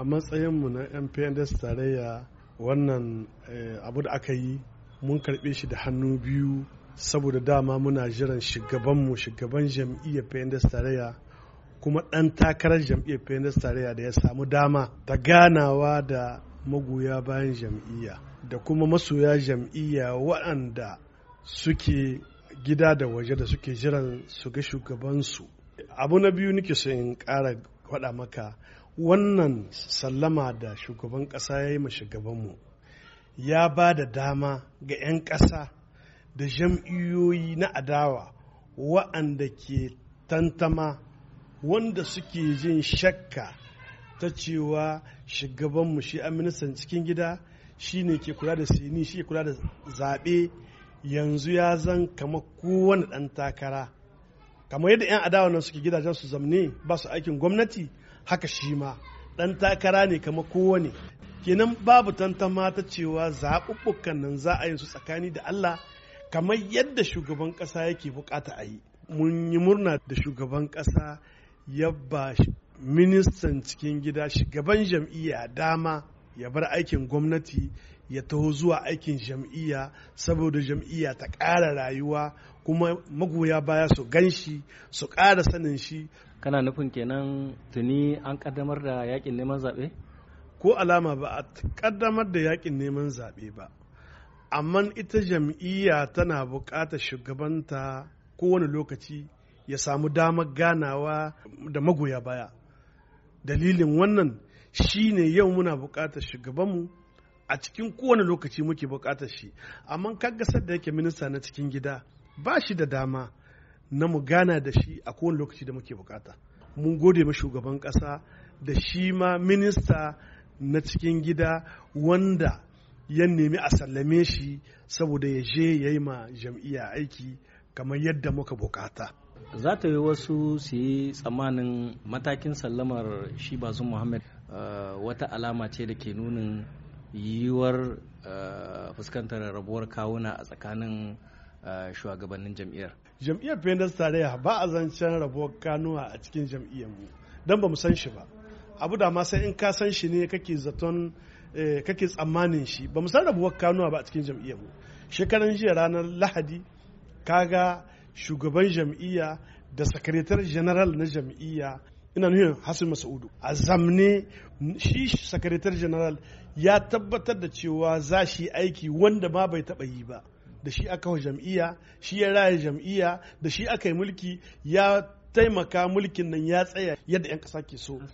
a matsayinmu na yan pns tarayya wannan eh, abu da aka yi mun karɓe shi da hannu biyu saboda dama muna jiran shugabanmu shugaban jam'iyyar pns tarayya kuma ɗan takarar jam'iyyar pns tarayya da ya samu dama ta ganawa da magoya bayan jam'iyya da kuma masoya jam'iyya waɗanda suke gida da waje da suke jiran su ga shugabansu abu na biyu nake so in ƙara faɗa maka wannan sallama da shugaban ƙasa ya yi ma shugabanmu ya ba da dama ga 'yan ƙasa da jam'iyyoyi na adawa wa'anda ke tantama wanda suke jin shakka ta cewa shugabanmu shi a ministan cikin gida shi ne ke kula da sini shi kula da zaɓe yanzu ya zan kama kowane ɗan takara kamar yadda 'yan adawa nan suke gidajen su zamne ba su aikin gwamnati haka shi ma ɗan takara ne kamar kowane kenan babu tantama ta cewa zaɓuɓɓukan nan za a yi su tsakani da Allah kamar yadda shugaban ƙasa yake buƙata a yi mun yi murna da shugaban ƙasa ya ba ministan cikin gida shugaban jam'iyya dama ya bar aikin gwamnati ya taho zuwa aikin jam'iyya saboda jam'iyya ta ƙara rayuwa kuma magoya baya su ganshi su ƙara sanin shi kana nufin kenan tuni an ƙaddamar da yakin neman zaɓe ko alama ba a ƙaddamar da yakin neman zaɓe ba amma ita jam'iyya tana buƙatar shugabanta kowane lokaci ya samu damar ganawa da magoya baya dalilin wannan Shi ne yau muna buƙatar shugabanmu a cikin kowane lokaci muke buƙatar shi amma gasar da yake minista na cikin gida ba shi da dama na mu gana da shi a kowane lokaci da muke bukata mun gode ma shugaban ƙasa da shi ma minista na cikin gida wanda ya nemi a sallame shi saboda ya je ya yi ma jam'iyya aiki kamar yadda muka bukata za ta yi wasu su yi tsammanin matakin sallamar shi bazu muhammad eh, wata alama ce da ke nunin yiwuwar eh, fuskantar rabuwar kawuna a tsakanin eh, shugabannin jam'iyyar jam'iyyar pendas tarayya ba a zancen rabuwar kanuwa a cikin jam'iyyar mu don ba mu san shi ba abu da ma sai in ka san shi ne kake zaton kake tsammanin shi ba mu san rabuwar kanuwa ba a cikin jam'iyyar mu shekaran jiya ranar lahadi kaga shugaban jam'iyya da sakretar general na jam'iyya ina nuhin hasan masaudu a zamne shi sakretar general ya tabbatar da cewa za shi aiki wanda ma bai taba yi ba da shi aka wa jam'iyya shi ya raya jam'iyya da shi aka yi mulki ya taimaka mulkin nan ya tsaya yadda 'yan ƙasa ke so